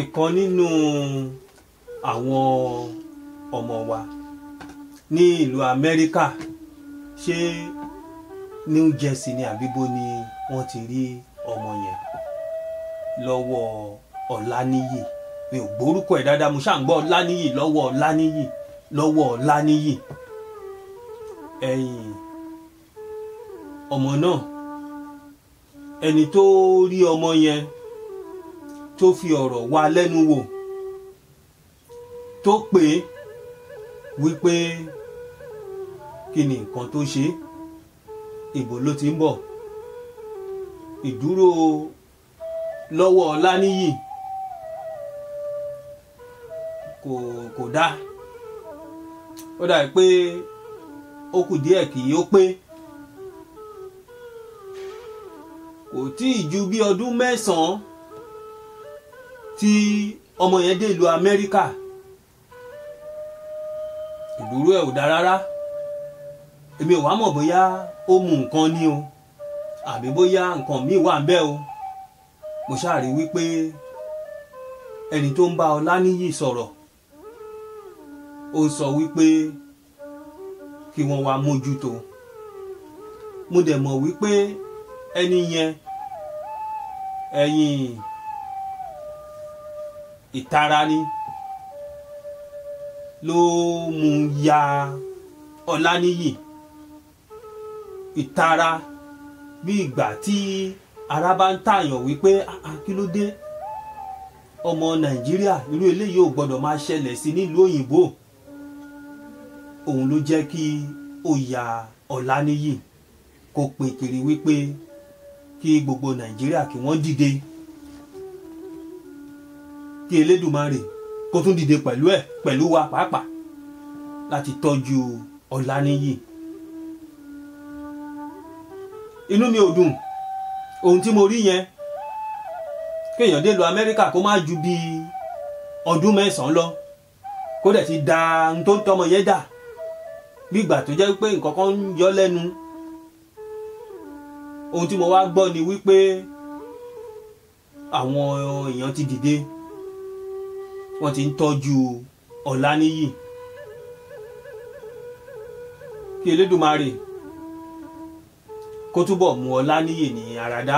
ìkan nínú àwọn ọmọ wa ní ìlú Amẹ́ríkà ṣé New Jersey ni àbíbó ni wọ́n ti rí ọmọ yẹn lọ́wọ́ Ọláníyì mi ò gbórúkọ ẹ̀ dáadáa mo ṣáà ń gbọ́ Ọláníyì lọ́wọ́ Ọláníyì lọ́wọ́ Ọláníyì ẹ̀yìn ọmọ náà ẹni tó rí ọmọ yẹn tó fi ọ̀rọ̀ wá lẹ́nu wò tó pè é wípé kí ni nǹkan tó ṣe ìbò ló ti ń bọ̀ ìdúró lọ́wọ́ Ọláníyì kò kò dá ó dàbí pé ó kù díẹ̀ kì í ó pé kò tí ì ju bí ọdún mẹ́sàn-án tí ọmọ yẹn dé ìlú Amẹ́ríkà ìdúró ẹ̀ ò dáa rárá èmi ò wá mọ̀ bóyá ó mu nǹkan ni o àbí bóyá nǹkan míì wà ń bẹ̀ o mo ṣáà rí wípé ẹni tó ń bá Ọláníyì sọ̀rọ̀ ó sọ wípé kí wọ́n wá mójútó mo dẹ̀ mọ̀ wípé ẹni yẹn ẹ̀yìn. E ìtara ni ló mú ya ọláníyì ìtara bí ìgbà tí ara bá ń tààyàn wípé ah, ah, kí ló dé ọmọ nàìjíríà irú eléyìí ò gbọdọ̀ máa ṣẹlẹ̀ sí nílùú òyìnbó òun ló jẹ́ kí ó ya ọláníyì kó pe kiri wípé kí gbogbo nàìjíríà kí wọ́n dìde. kí Elédùmarè kó tún dìde pẹ̀lú ẹ̀ pẹ̀lú wa pàápàá láti tọ́jú Ọláníyì inú mi ò dùn ohun tí mo rí yẹn kéèyàn dé lu Amẹ́ríkà kó má ju bíi ọdún mẹ́sàn-án lọ kó dẹ̀ ti da ohun tó ń tọmọ yẹn dà bí ìgbà tó jẹ́ pé nǹkan kan ń yọ lẹ́nu ohun tí mo wá gbọ́ ni wípé àwọn èèyàn ti dìde wọ́n ti ń tọ́jú Ọláníyì kí Elédùmarè kó túbọ̀ mú Ọláníyì ní àràdá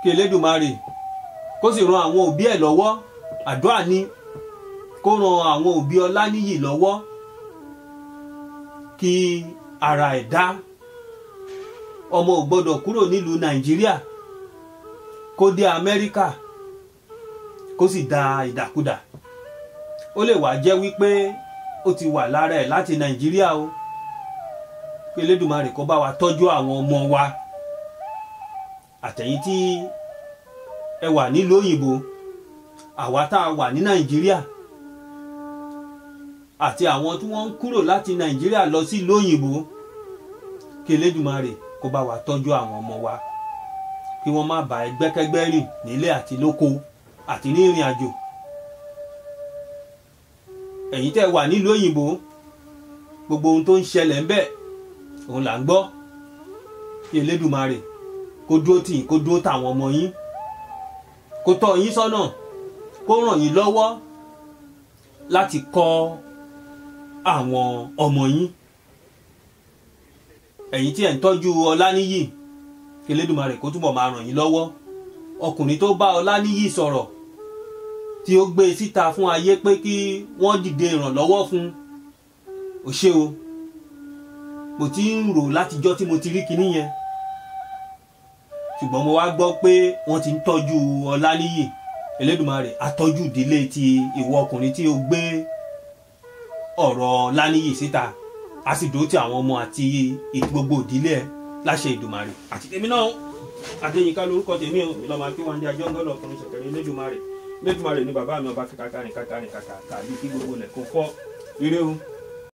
kí Elédùmarè kó sì ran àwọn òbí ẹ̀ lọ́wọ́ àdúrà ni kó ran àwọn òbí Ọláníyì lọ́wọ́ kí ara ẹ̀ dá ọmọ ò kúrò nílùú Nàìjíríà kó dé Amẹ́ríkà kó sì da ìdàkudà ó lè wá jẹ́ wípé ó ti wà lára ẹ̀ láti nàìjíríà o pé Elédùmarè kó bá wa tọ́jú àwọn ọmọ wa àtẹ̀yìn tí ẹ wà nílùú òyìnbó àwa tá a wà ní nàìjíríà àti àwọn tí wọ́n ń kúrò láti nàìjíríà lọ sí ìlú òyìnbó kí Elédùmarè kó bá wa tọ́jú àwọn ọmọ wa kí wọ́n má ba ẹgbẹ́kẹ́gbẹ́ rìn nílé àti lóko àti ní ìrìn àjò ẹ̀yin tẹ́ wà nílùú òyìnbó gbogbo ohun tó ń ṣẹlẹ̀ ń bẹ òun là ń gbọ́ kí Elédùmarè kó dúró tì yín kó dúró tàwọn ọmọ yín kó tọ́ yín sọ́nà kó ràn yín lọ́wọ́ láti kọ́ àwọn ọmọ yín ẹ̀yin tí ẹ̀ ń tọ́jú Ọláníyì kí Elédùmarè kó túbọ̀ máa ràn yín lọ́wọ́ ọkùnrin tó bá Ọláníyì sọ̀rọ̀ tí ó gbé síta fún ayé pé kí wọ́n dìde ìrànlọ́wọ́ fún ó ṣe o mo ti ń rò látijọ́ tí mo ti rí kinní yẹn ṣùgbọ́n mo wá gbọ́ pé wọ́n ti ń tọ́jú Ọláníyì Elédùmarè àtọ́jú ìdílé ti ìwọ ọkùnrin tí ó gbé ọ̀rọ̀ Ọláníyì síta a sì dúró ti àwọn ọmọ àti gbogbo ìdílé ẹ̀ láṣẹ Èdùmarè àti tèmi náà adéyínká lórúkọ tèmi o ìlànà akéwàndé ajọ́ngọ́lọ̀ ọkùnrin ṣẹ̀kẹ̀rẹ̀ elédùnmarè elédùnmarè ni bàbá mi ọba fi kàkàrìn kàkàrìn kàkà tàbí kí gbogbo lẹ̀ kó fọ́ ire o.